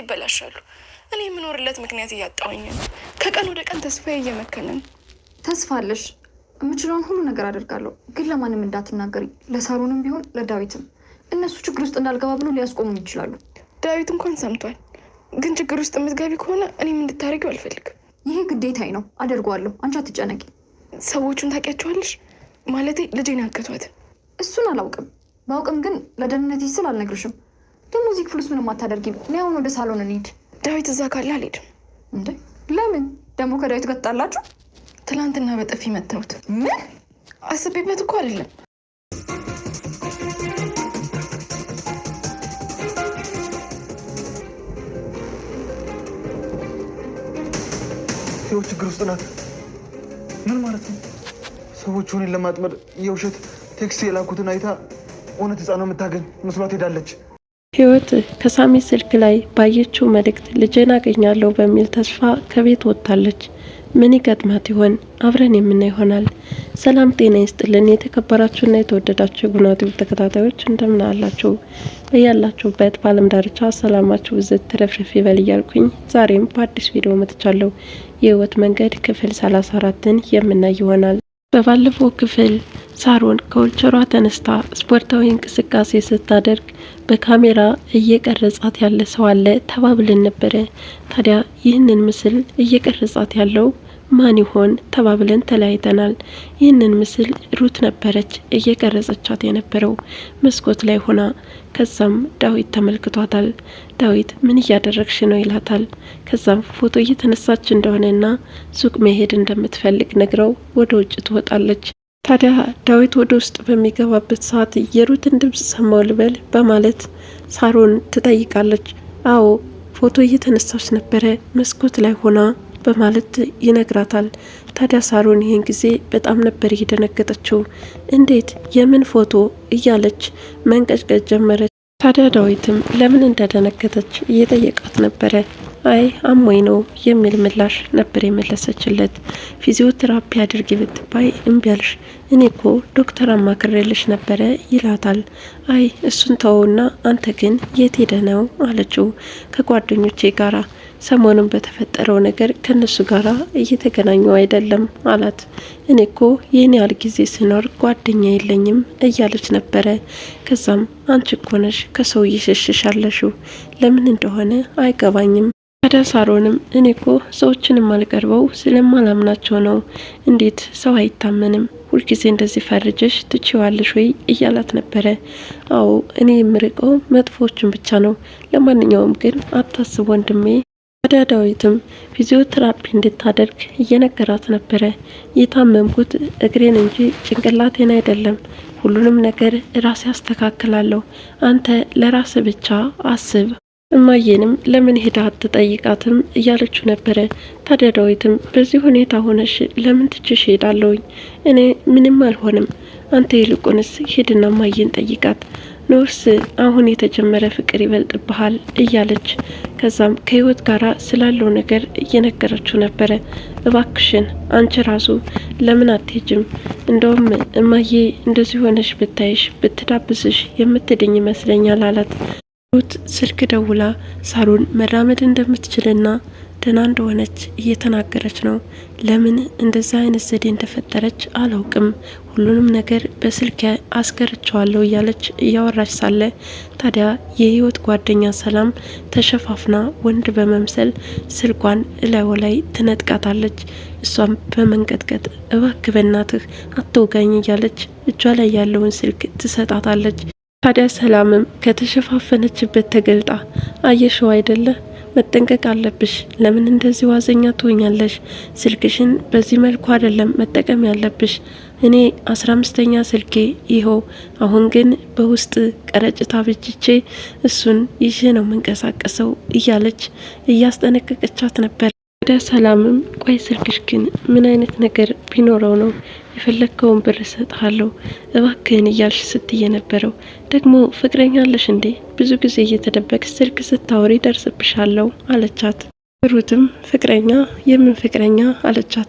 ይበላሻሉ። እኔ የምኖርለት ምክንያት እያጣውኝ ነው። ከቀን ወደ ቀን ተስፋዬ እየመከነን ተስፋ አለሽ። የምችለውን ሁሉ ነገር አደርጋለሁ፣ ግን ለማንም እንዳትናገሪ። ለሳሩንም ቢሆን ለዳዊትም። እነሱ ችግር ውስጥ እንዳልገባ ብሎ ሊያስቆሙኝ ይችላሉ። ዳዊት እንኳን ሰምቷል። ግን ችግር ውስጥ የምትገቢ ከሆነ እኔም እንድታደርጊው አልፈልግም። ይሄ ግዴታዬ ነው፣ አደርገዋለሁ። አንቺ አትጨነቂ። ሰዎቹን ታውቂያቸዋለሽ? ማለቴ ልጄን ያገቷት። እሱን አላውቅም። ባውቅም ግን ለደህንነት ስል አልነግርሽም። ደግሞ እዚህ ክፍል ውስጥ ምንም አታደርጊም። እኔ አሁን ወደ ሳሎን እንሂድ። ዳዊት እዛ ካለ አልሄድም። እንዴ ለምን? ደግሞ ከዳዊት ገጣላችሁ? ትላንትና ትናንትና በጥፊ መተውት ምን? አስቤበት እኮ አይደለም። ሰዎች ችግር ውስጥ ናት። ምን ማለት ነው? ሰዎች እኔን ለማጥመድ የውሸት ቴክስት የላኩትን አይታ እውነት ህፃን ነው የምታገኝ መስሏት ሄዳለች። ህይወት ከሳሚ ስልክ ላይ ባየችው መልእክት ልጄን አገኛለሁ በሚል ተስፋ ከቤት ወጥታለች። ምን ይገጥማት ይሆን? አብረን የምናይ ይሆናል። ሰላም ጤና ይስጥልን። የተከበራችሁና የተወደዳችሁ የጉናቱ ተከታታዮች እንደምን አላችሁ? በያላችሁበት ዳርቻ ሰላማችሁ ብዝት ትረፍረፍ ይበል እያልኩኝ ዛሬም በአዲስ ቪዲዮ መጥቻለሁ። የህይወት መንገድ ክፍል 34 አራትን የምናይ ይሆናል። በባለፈው ክፍል ሳሮን ከወልቸሯ ተነስታ ስፖርታዊ እንቅስቃሴ ስታደርግ በካሜራ እየቀረጻት ያለ ሰው አለ ተባብለን ነበረ። ታዲያ ይህንን ምስል እየቀረጻት ያለው ማን ይሆን ተባብለን ተለያይተናል። ይህንን ምስል ሩት ነበረች እየቀረጸቻት የነበረው መስኮት ላይ ሆና። ከዛም ዳዊት ተመልክቷታል። ዳዊት ምን እያደረግሽ ነው ይላታል። ከዛም ፎቶ እየተነሳች እንደሆነና ሱቅ መሄድ እንደምትፈልግ ነግረው ወደ ውጭ ትወጣለች። ታዲያ ዳዊት ወደ ውስጥ በሚገባበት ሰዓት የሩትን ድምፅ ሰማው ልበል በማለት ሳሮን ትጠይቃለች። አዎ ፎቶ እየተነሳች ነበረ መስኮት ላይ ሆና በማለት ይነግራታል። ታዲያ ሳሮን ይህን ጊዜ በጣም ነበር እየደነገጠችው! እንዴት የምን ፎቶ እያለች መንቀጭቀጭ ጀመረች። ታዲያ ዳዊትም ለምን እንደደነገጠች እየጠየቃት ነበረ። አይ አሞኝ ነው የሚል ምላሽ ነበር የመለሰችለት። ፊዚዮቴራፒ አድርጊ ብትባይ እምቢ አልሽ፣ እኔ እኮ ዶክተር አማክሬልሽ ነበረ ይላታል። አይ እሱን ተወውና አንተ ግን የት ሄደ ነው አለችው። ከጓደኞቼ ጋራ ሰሞኑን በተፈጠረው ነገር ከነሱ ጋር እየተገናኙ አይደለም አላት። እኔ እኮ ይህን ያህል ጊዜ ስኖር ጓደኛ የለኝም እያለች ነበረ። ከዛም አንቺ እኮ ነሽ ከሰው እየሸሸሻለሹ ለምን እንደሆነ አይገባኝም። ታዲያ ሳሮንም እኔ እኮ ሰዎችን የማልቀርበው ስለማላምናቸው ነው። እንዴት ሰው አይታመንም? ሁልጊዜ እንደዚህ ፈርጀሽ ትችዋለሽ ወይ እያላት ነበረ። አዎ እኔ የምርቀው መጥፎዎችን ብቻ ነው። ለማንኛውም ግን አታስብ ወንድሜ ወደ ዳዊትም ፊዚዮትራፒ እንድታደርግ እየነገራት ነበረ። የታመምኩት እግሬን እንጂ ጭንቅላቴን አይደለም፣ ሁሉንም ነገር ራሴ አስተካክላለሁ፣ አንተ ለራስ ብቻ አስብ፣ እማዬንም ለምን ሄዳ አትጠይቃትም እያለች ነበረ። ታዲያ ዳዊትም በዚህ ሁኔታ ሆነሽ ለምን ትችሽ ሄዳለውኝ? እኔ ምንም አልሆንም፣ አንተ ይልቁንስ ሄድና እማዬን ጠይቃት ኖርስ አሁን የተጀመረ ፍቅር ይበልጥብሃል እያለች ከዛም ከህይወት ጋራ ስላለው ነገር እየነገረችው ነበረ። እባክሽን አንቺ ራሱ ለምን አትሄጅም? እንደውም እማዬ እንደዚህ ሆነሽ ብታይሽ ብትዳብስሽ የምትድኝ ይመስለኛል አላት። ሩት ስልክ ደውላ ሳሩን መራመድ እንደምትችልና ደህና እንደሆነች እየተናገረች ነው። ለምን እንደዛ አይነት ዘዴ እንደፈጠረች አላውቅም። ሁሉንም ነገር በስልክ አስገርቸዋለሁ እያለች እያወራች ሳለ ታዲያ የህይወት ጓደኛ ሰላም ተሸፋፍና ወንድ በመምሰል ስልኳን እላዩ ላይ ትነጥቃታለች። እሷም በመንቀጥቀጥ እባክህ በእናትህ አትውጋኝ እያለች እጇ ላይ ያለውን ስልክ ትሰጣታለች። ታዲያ ሰላምም ከተሸፋፈነችበት ተገልጣ አየሸው አይደለ መጠንቀቅ አለብሽ። ለምን እንደዚህ ዋዘኛ ትሆኛለሽ? ስልክሽን በዚህ መልኩ አይደለም መጠቀም ያለብሽ። እኔ አስራ አምስተኛ ስልኬ ይኸው፣ አሁን ግን በውስጥ ቀረጭታ ብጅቼ እሱን ይዤ ነው የምንቀሳቀሰው እያለች እያስጠነቀቀቻት ነበር። ሰላምም ቆይ ስልክሽ ግን ምን አይነት ነገር ቢኖረው ነው የፈለግከውን ብር እሰጥሃለሁ እባክህን እያልሽ ስትየ ነበረው ደግሞ ፍቅረኛ አለሽ እንዴ? ብዙ ጊዜ እየተደበቅ ስልክ ስታወሪ ደርስብሻለሁ አለቻት። ሩትም ፍቅረኛ የምን ፍቅረኛ አለቻት።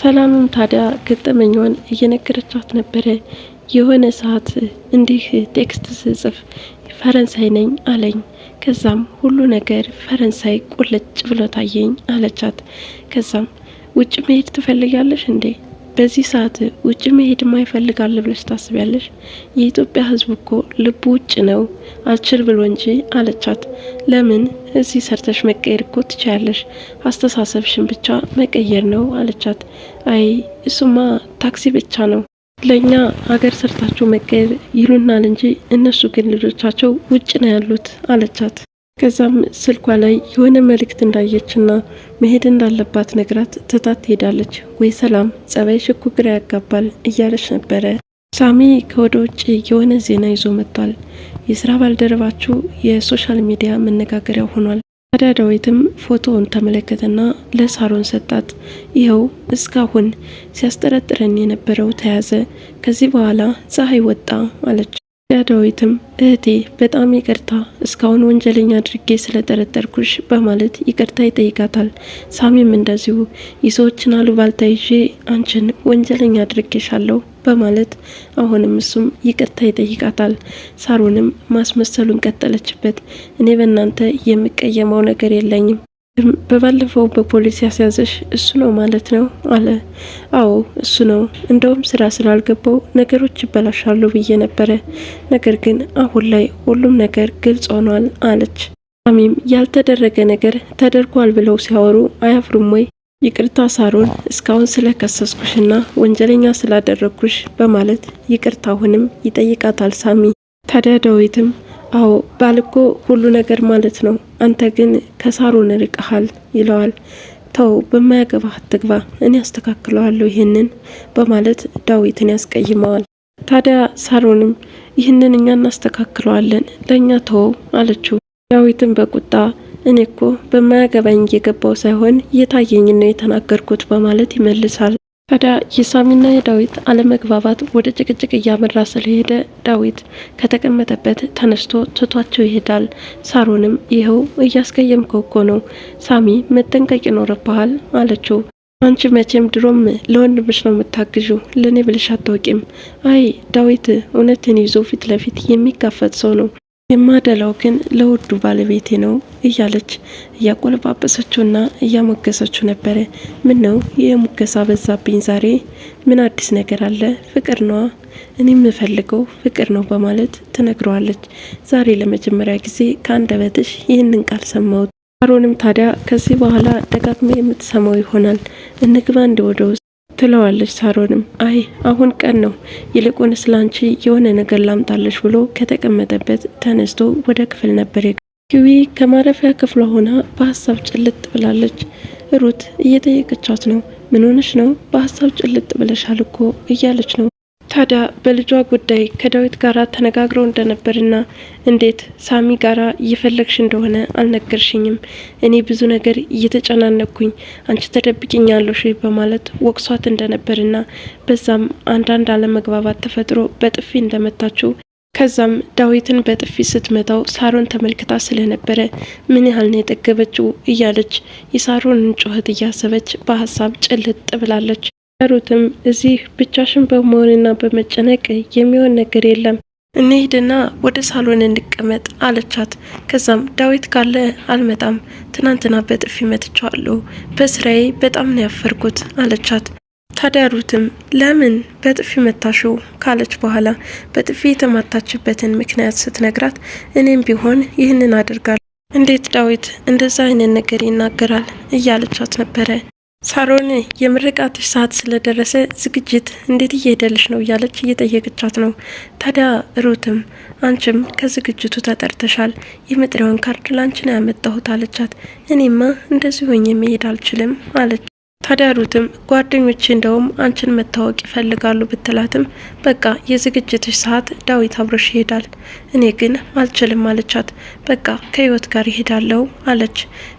ሰላምም ታዲያ ገጠመኛዋን እየነገረቻት ነበረ። የሆነ ሰዓት እንዲህ ቴክስት ስጽፍ ፈረንሳይ ነኝ አለኝ ከዛም ሁሉ ነገር ፈረንሳይ ቁልጭ ብሎ ታየኝ አለቻት። ከዛም ውጭ መሄድ ትፈልጋለሽ እንዴ? በዚህ ሰዓት ውጭ መሄድ ማይፈልጋል ብለሽ ታስቢያለሽ? የኢትዮጵያ ሕዝብ እኮ ልቡ ውጭ ነው አልችል ብሎ እንጂ አለቻት። ለምን እዚህ ሰርተሽ መቀየር እኮ ትችያለሽ፣ አስተሳሰብሽን ብቻ መቀየር ነው አለቻት። አይ እሱማ ታክሲ ብቻ ነው ለእኛ ሀገር ሰርታችሁ መቀየር ይሉናል እንጂ እነሱ ግን ልጆቻቸው ውጭ ነው ያሉት አለቻት። ከዛም ስልኳ ላይ የሆነ መልእክት እንዳየችና መሄድ እንዳለባት ነግራት ትታት ትሄዳለች። ወይ ሰላም ጸባይሽ ሽኩ ግራ ያጋባል እያለች ነበረ። ሳሚ ከወደ ውጭ የሆነ ዜና ይዞ መጥቷል። የስራ ባልደረባችሁ የሶሻል ሚዲያ መነጋገሪያ ሆኗል። አዳዳዊትም ፎቶውን ተመለከተና ለሳሮን ሰጣት። ይኸው እስካሁን ሲያስጠረጥረን የነበረው ተያዘ፣ ከዚህ በኋላ ፀሐይ ወጣ አለች። አዳዳዊትም እህቴ በጣም ይቅርታ እስካሁን ወንጀለኛ አድርጌ ስለጠረጠርኩሽ በማለት ይቅርታ ይጠይቃታል። ሳሚም እንደዚሁ የሰዎችን አሉባልታ ይዤ አንቺን ወንጀለኛ አድርጌሻለሁ በማለት አሁንም እሱም ይቅርታ ይጠይቃታል። ሳሩንም ማስመሰሉን ቀጠለችበት። እኔ በእናንተ የምቀየመው ነገር የለኝም በባለፈው በፖሊስ ያስያዘሽ እሱ ነው ማለት ነው አለ። አዎ እሱ ነው። እንደውም ስራ ስላልገባው ነገሮች ይበላሻሉ ብዬ ነበረ። ነገር ግን አሁን ላይ ሁሉም ነገር ግልጽ ሆኗል አለች። አሚም ያልተደረገ ነገር ተደርጓል ብለው ሲያወሩ አያፍሩም ወይ? ይቅርታ ሳሮን እስካሁን ስለከሰስኩሽና ወንጀለኛ ስላደረግኩሽ በማለት ይቅርታ አሁንም ይጠይቃታል ሳሚ። ታዲያ ዳዊትም አዎ ባልኮ ሁሉ ነገር ማለት ነው፣ አንተ ግን ከሳሮን ርቀሃል ይለዋል። ተው በማያገባህ አትግባ፣ እኔ አስተካክለዋለሁ ይህንን በማለት ዳዊትን ያስቀይመዋል። ታዲያ ሳሮንም ይህንን እኛ እናስተካክለዋለን፣ ለእኛ ተወው አለችው። ዳዊትን በቁጣ እኔ እኮ በማያገባኝ የገባው ሳይሆን የታየኝ ነው የተናገርኩት በማለት ይመልሳል። ታዲያ የሳሚና የዳዊት አለመግባባት ወደ ጭቅጭቅ እያመራ ስለሄደ ዳዊት ከተቀመጠበት ተነስቶ ትቷቸው ይሄዳል። ሳሮንም ይኸው እያስቀየምከው እኮ ነው ሳሚ፣ መጠንቀቅ ይኖርብሃል አለችው። አንቺ መቼም ድሮም ለወንድምሽ ነው የምታግዡ፣ ለእኔ ብልሽ አታውቂም። አይ ዳዊት እውነትን ይዞ ፊት ለፊት የሚጋፈጥ ሰው ነው የማደላው ግን ለውዱ ባለቤቴ ነው እያለች እያቆለጳጰሰችውና እያሞገሰችው ነበረ። ምን ነው የሙገሳ በዛብኝ ዛሬ? ምን አዲስ ነገር አለ? ፍቅር ነዋ፣ እኔ የምፈልገው ፍቅር ነው በማለት ትነግረዋለች። ዛሬ ለመጀመሪያ ጊዜ ከአንደበትሽ ይህንን ቃል ሰማሁት። አሮንም ታዲያ ከዚህ በኋላ ደጋግሜ የምትሰማው ይሆናል እንግባ እንዲ ወደ ትለዋለች። ሳሮንም አይ አሁን ቀን ነው፣ ይልቁን ስላንቺ የሆነ ነገር ላምጣለች ብሎ ከተቀመጠበት ተነስቶ ወደ ክፍል ነበር። ኪዊ ከማረፊያ ክፍሏ ሆና በሀሳብ ጭልጥ ብላለች። ሩት እየጠየቀቻት ነው። ምን ሆነሽ ነው? በሀሳብ ጭልጥ ብለሻል እኮ እያለች ነው። ታዲያ በልጇ ጉዳይ ከዳዊት ጋር ተነጋግረው እንደነበርና እንዴት ሳሚ ጋራ እየፈለግሽ እንደሆነ አልነገርሽኝም፣ እኔ ብዙ ነገር እየተጨናነኩኝ አንቺ ተደብቂኛለሽ በማለት ወቅሷት እንደነበርና በዛም አንዳንድ አለመግባባት ተፈጥሮ በጥፊ እንደመታችው ከዛም ዳዊትን በጥፊ ስትመታው ሳሮን ተመልክታ ስለነበረ ምን ያህል ነው የጠገበችው እያለች የሳሮንን ጩኸት እያሰበች በሀሳብ ጭልጥ ብላለች። ሩትም እዚህ ብቻሽን በመሆንና በመጨነቅ የሚሆን ነገር የለም እንሄድና ወደ ሳሎን እንቀመጥ አለቻት። ከዛም ዳዊት ካለ አልመጣም፣ ትናንትና በጥፊ መትቻለሁ፣ በስራዬ በጣም ነው ያፈርኩት አለቻት። ታዲያ ሩትም ለምን በጥፊ መታሽው ካለች በኋላ በጥፊ የተማታችበትን ምክንያት ስትነግራት እኔም ቢሆን ይህንን አድርጋለሁ፣ እንዴት ዳዊት እንደዛ አይነት ነገር ይናገራል እያለቻት ነበረ። ሳሮን የምርቃትሽ ሰዓት ስለደረሰ ዝግጅት እንዴት እየሄደልሽ ነው እያለች እየጠየቀቻት ነው። ታዲያ ሩትም አንቺም ከዝግጅቱ ተጠርተሻል፣ የመጥሪያውን ካርድ ላንቺ ነው ያመጣሁት አለቻት። እኔማ እንደዚህ ሆኜ መሄድ አልችልም አለች። ታዲያ ሩትም ጓደኞች እንደውም አንቺን መታወቅ ይፈልጋሉ ብትላትም በቃ የዝግጅትሽ ሰዓት ዳዊት አብሮሽ ይሄዳል፣ እኔ ግን አልችልም አለቻት። በቃ ከህይወት ጋር ይሄዳለው አለች።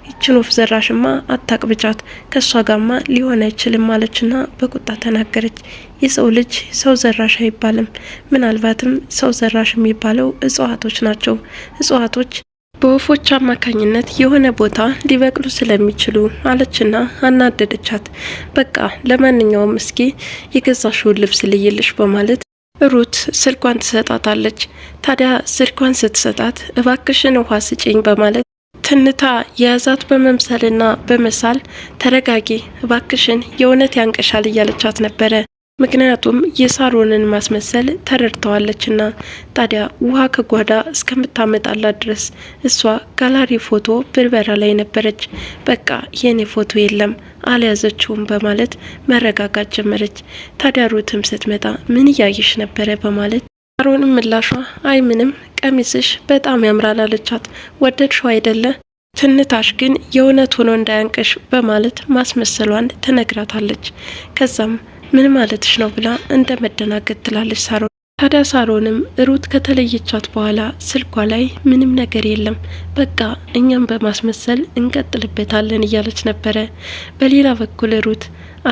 ይችን ወፍ ዘራሽማ አታቅብቻት፣ ከእሷ ጋማ ሊሆን አይችልም አለችና በቁጣ ተናገረች። የሰው ልጅ ሰው ዘራሽ አይባልም። ምናልባትም ሰው ዘራሽ የሚባለው እጽዋቶች ናቸው። እጽዋቶች በወፎች አማካኝነት የሆነ ቦታ ሊበቅሉ ስለሚችሉ አለችና አናደደቻት። በቃ ለማንኛውም እስኪ የገዛሽውን ልብስ ልይልሽ በማለት ሩት ስልኳን ትሰጣታለች። ታዲያ ስልኳን ስትሰጣት እባክሽን ውሃ ስጪኝ በማለት ትንታ የያዛት በመምሰልና በመሳል ተረጋጊ እባክሽን የእውነት ያንቀሻል እያለቻት ነበረ። ምክንያቱም የሳሮንን ማስመሰል ተረድተዋለችና። ታዲያ ውሃ ከጓዳ እስከምታመጣላት ድረስ እሷ ጋላሪ ፎቶ ብርበራ ላይ ነበረች። በቃ የኔ ፎቶ የለም አልያዘችውም በማለት መረጋጋት ጀመረች። ታዲያ ሩትም ስትመጣ ምን እያየሽ ነበረ በማለት ሳሮንም ምላሿ አይ ምንም ቀሚስሽ በጣም ያምራል አለቻት። ወደድሽው አይደለ ትንታሽ ግን የእውነት ሆኖ እንዳያንቅሽ በማለት ማስመሰሏን ትነግራታለች። ከዛም ምን ማለትሽ ነው ብላ እንደ መደናገጥ ትላለች ሳሮን። ታዲያ ሳሮንም ሩት ከተለየቻት በኋላ ስልኳ ላይ ምንም ነገር የለም፣ በቃ እኛም በማስመሰል እንቀጥልበታለን እያለች ነበረ። በሌላ በኩል ሩት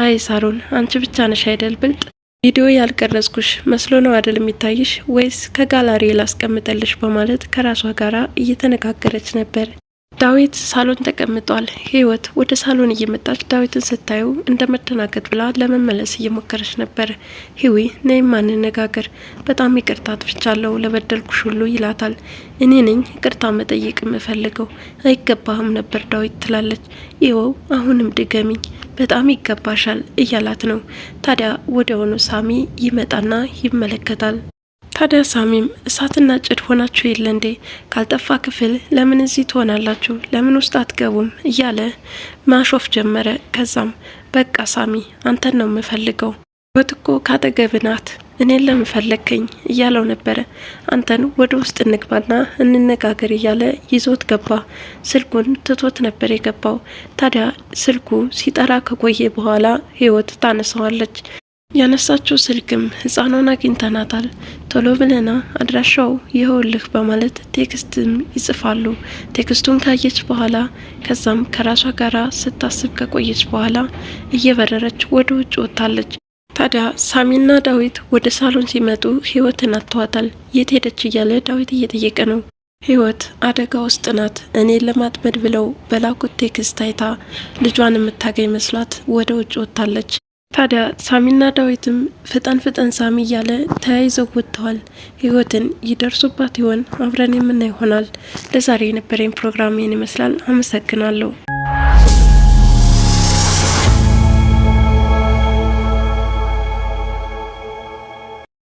አይ ሳሮን አንቺ ብቻ ነሽ አይደል ብልጥ ቪዲዮ ያልቀረጽኩሽ መስሎ ነው አደል የሚታይሽ? ወይስ ከጋላሪ ላስቀምጠልሽ በማለት ከራሷ ጋራ እየተነጋገረች ነበር። ዳዊት ሳሎን ተቀምጧል። ህይወት ወደ ሳሎን እየመጣች ዳዊትን ስታየው እንደመደናገጥ ብላ ለመመለስ እየሞከረች ነበር። ሂዊ ነይም ማንነጋገር፣ በጣም ይቅርታ አጥፍቻለሁ ለበደልኩሽ ሁሉ ይላታል። እኔ ነኝ ይቅርታ መጠየቅ የምፈልገው አይገባህም ነበር ዳዊት ትላለች። ይኸው አሁንም ድገሚኝ፣ በጣም ይገባሻል እያላት ነው። ታዲያ ሆኑ ሳሚ ይመጣና ይመለከታል። ታዲያ ሳሚም እሳትና ጭድ ሆናችሁ የለ እንዴ? ካልጠፋ ክፍል ለምን እዚህ ትሆናላችሁ? ለምን ውስጥ አትገቡም? እያለ ማሾፍ ጀመረ። ከዛም በቃ ሳሚ አንተን ነው የምፈልገው፣ ወት እኮ ካጠገብ እኔን ለምፈለግከኝ እያለው ነበረ። አንተን ወደ ውስጥ እንግባና እንነጋገር እያለ ይዞት ገባ። ስልኩን ትቶት ነበር የገባው። ታዲያ ስልኩ ሲጠራ ከቆየ በኋላ ህይወት ታነሳዋለች። ያነሳችው ስልክም ህፃኗን አግኝተናታል ቶሎ ብለና አድራሻው ይኸውልህ በማለት ቴክስትም ይጽፋሉ። ቴክስቱን ካየች በኋላ ከዛም ከራሷ ጋራ ስታስብ ከቆየች በኋላ እየበረረች ወደ ውጭ ወጥታለች። ታዲያ ሳሚና ዳዊት ወደ ሳሎን ሲመጡ ህይወትን አጥተዋታል። የት ሄደች እያለ ዳዊት እየጠየቀ ነው። ህይወት አደጋ ውስጥ ናት። እኔን ለማጥመድ ብለው በላኩት ቴክስት አይታ ልጇን የምታገኝ መስሏት ወደ ውጭ ወጥታለች። ታዲያ ሳሚና ዳዊትም ፍጠን ፍጠን ሳሚ እያለ ተያይዘው ወጥተዋል። ህይወትን ይደርሱባት ይሆን? አብረን የምናይ ይሆናል። ለዛሬ የነበረኝ ፕሮግራም ይህን ይመስላል። አመሰግናለሁ።